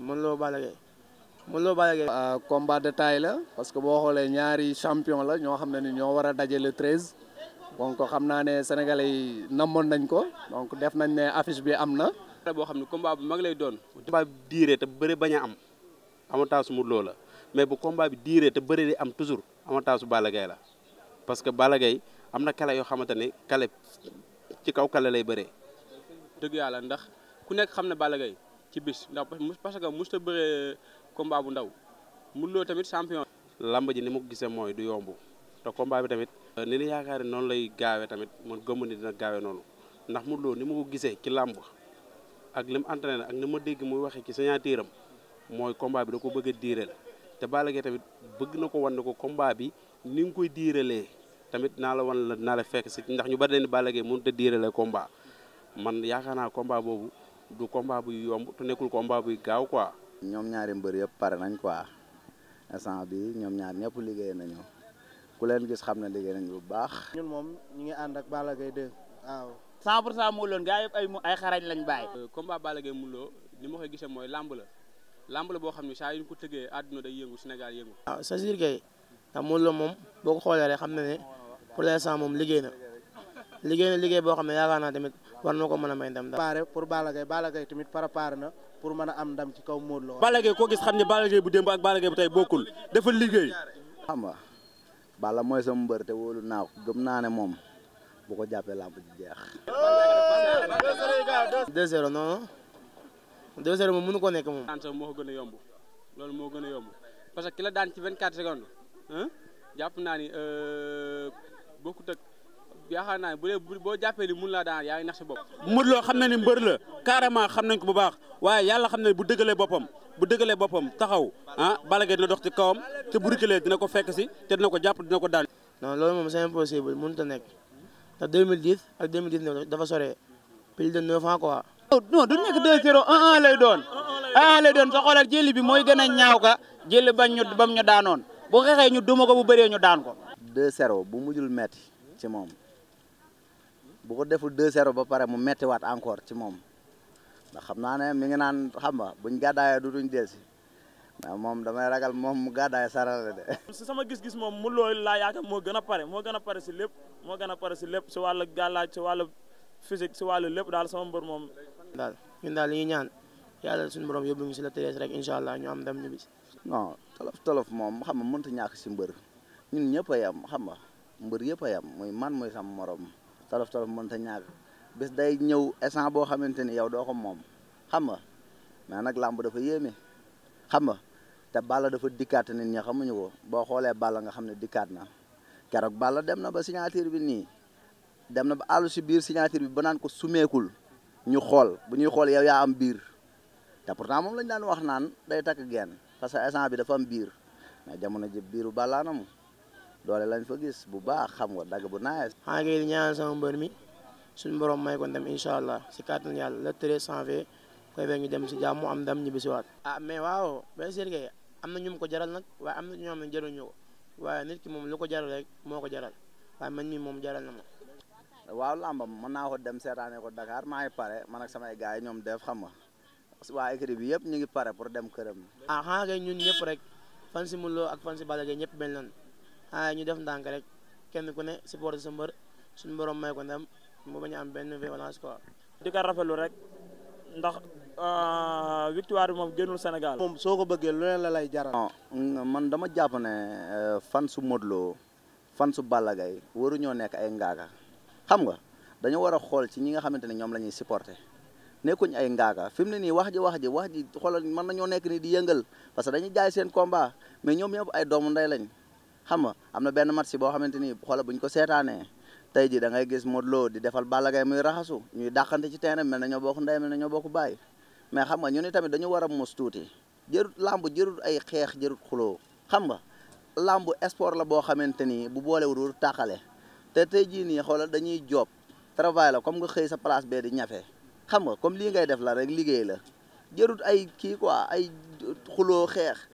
Modou loo Balla Gaye loo Lo Balla ah, combat de taille la parce que boo xoolee ñaari champion la ñoo xam ne ni ñoo war a daje le treize donc xam naa ne sénégalais yi namoon nañ ko donc def nañ ne affiche bi am na. boo xam ne combat bu mag lay doon. combat bi diiree te bëri bañ a am avantage Modou Lo la mais bu combat bi diiree bëri di am toujours avantage Balla Gaye la parce que Balla am na kale yoo xamante ne kale ci kaw kale lay bëree. dëgg yàlla ndax ku nekk xam ne Balla Gaye ci bis ndax parce que mosut a bëree combat bu ndaw Modou Lo tamit champion. làmb ji ni ma ko gisee mooy du yombu te combat bi tamit. Euh, ni yaakaar ne noonu lay gaawee tamit man gëmm ni dina gaawee noonu ndax Modou ni ma ko gisee ci làmb ak li mu entraîné ak ni ma dégg muy waxee ci signature am mooy combat bi da ko bëgg a diireel te Balla Gaye tamit bëgg na ko wan ne ko combat bi ni nga koy diirelee tamit naa la wan la naa la fekk si ndax ñu bari leen ni Balla Gaye mënut a diirelee combat man yaakaar naa combat boobu. du combat buy yomb te nekkul combat buy gaaw quoi. ñoom ñaari mbër yëpp pare nañ quoi instant bi ñoom ñaar ñëpp liggéey nañu ku leen gis xam ne liggéey nañ bu baax. ñun moom ñu ngi ànd ak Balla Gaye 2 waaw. 100 pour cent Modou Lo gaa yëpp ay ay xarañ lañ bàyyi. Euh, combat Balla Gaye Modou Lo ni ma koy gisee mooy làmb la làmb la boo xam ne saa yu ñu ko tëggee àdduna day yëngu Sénégal yëngu. waaw ah, c'est-à-dire que ndax Modou Lo moom boo ko xoolee xam na ne pour l'instant moom liggéey na liggéey na war na ko mën a may ndam pare pour Balla Gaye Balla Gaye tamit préparé na pour mën a am ndam ci kaw Modou Lo Balla Gaye koo xam ne Balla Gaye bu démb ak Balla Gaye bu tey bokkul dafa liggéey xam nga Balla mooy sama mbër te woolu naa gëm naa ne moom boo ko jàppee lamb ji jeex 2-0 non 2-0 moom mënu ko nekk moom daan moo gën a yomb loolu moo gën a yomb parce que ki la daan ci vingt 24 secondes jàpp naa ni euh, bokkut ak yaakaar naa ne bu dee boo jàppee ni mun laa daan yaa ngi nax si bopp xam na ni mbër la carrément xam nañ ko bu baax waaye yàlla xam ne bu dëggalee boppam bu dëggalee boppam taxaw ah Balla Gaye dina dox ci kawam te bu reculer dina ko fekk si te dina ko jàpp dina ko daan non loolu moom c'est impossible mënut a nekk ndax 2010 ak 2019 dafa sore plus de 9 ans quoi non doon 1 1 lay doon sa xoolal jëli bi mooy gën a ñaaw ka jëli bañ ñu bam ñu daanoon bu xeexee ñu duma ko bu bëree ñu daan ko 2 0 bu mujjul metti ci moom bu ko deful 2-0 ba pare mu méttiwaat encore ci moom ndax xam naa ne mi ngi naan xam nga buñ gàddaayee dutuñ delsi mais moom damay ragal moom mu gàddaay sarale de. si sama gis-gis moom mu loolu laa yaakaar moo gën a pare moo gën a pare si lépp moo gën a pare si lépp si wàllu gàllaaj si wàllu physique si wàllu lépp daal sama mbër moom. daal ñun daal li ñuy ñaan yàlla suñu borom yóbbu ñu si la tërees rek incha allah ñu am dem ñu bis. non tolof tolof moom xam nga mënut a ñàkk si mbër ñun ñëpp a yem xam nga mbër yëpp a yem muy man muy sama morom. tolof tolof ta ñàkk bis day ñëw instant boo xamante ni yow doo ko moom xam nga mais nag làmb dafa yéeme xam nga te Balla dafa dikkaat nit ñi xamuñu ko boo xoolee Balla nga xam ne dikkaat na keroog Balla dem na ba signature bi nii dem na ba àllu si biir signature bi ba naan ko sumeekul ñu xool bu ñuy xool yow yaa am biir te pourtant moom lañ daan wax naan day takk genn parce que instant bi dafa am biir mais jamono ji biiru Balla na mu doole lañ fa gis bu baax xam nga dagg bu naaj. xanaa kay ñaanal sama mbër mi suñ borom may kon ndam incha allah si kàttan yàlla le treize janvier koy ñu dem si jàmm am ndam ñu bisiwaat. ah mais waaw bien sûr que am na ñu mu ko jaral nag waaye am na ñoo xam ne jaruñu ko ki moom lu ko jaral rek moo ko jaral waaye man mii moom jaral na ma. waaw làmbam mën naa ko dem seetaane ko Dakar maa ngi pare man ak samay gars ñoom def xam nga waa écrit bi yëpp ñu ngi pare pour dem këram. ah xanaa kay ñun ñëpp rek fan si Modou Lo ak waaye ñu def ndànk rek kenn ku ne supporté sa mbër suñu borom may ko ndam mu bañ a am benn violence quoi. di ko rafetlu rek ndax euh, victoire moom génnul Sénégal. moom soo ko bëggee lu leen la lay jaral. man dama jàpp ne euh, fan su Modou fan su Balla Gaye waruñoo nekk ay ngaaga xam nga dañoo war a xool ci ñi nga xamante ne ñoom la ñuy supporter. nekkuñ ay ngaaga fi mu ne nii wax ji wax ji wax ji xoolal mën nañoo nekk ni di yëngal parce que dañuy jaay seen combat mais ñoom ñëpp ay doomu ndey lañ xam nga am na benn match boo xamante ni xoola bu ñu ko seetaanee tey ji da ngay gis Modou loo di defal Balla Gaye muy raxasu ñuy dàqante ci terrain mel na ñoo bokk ndey mel na ñoo bokk baay mais xam nga ñu ni tamit dañu war mos tuuti jërut làmb jërut ay xeex jërut xuloo xam nga làmb sport la boo xamante ni bu boolewul wul tàqale te tey jii nii xoolal dañuy job travail comme nga xëy sa place bee di ñafe xam nga comme lii ngay def la rek liggéey la jërut ay kii quoi ay xuloo xeex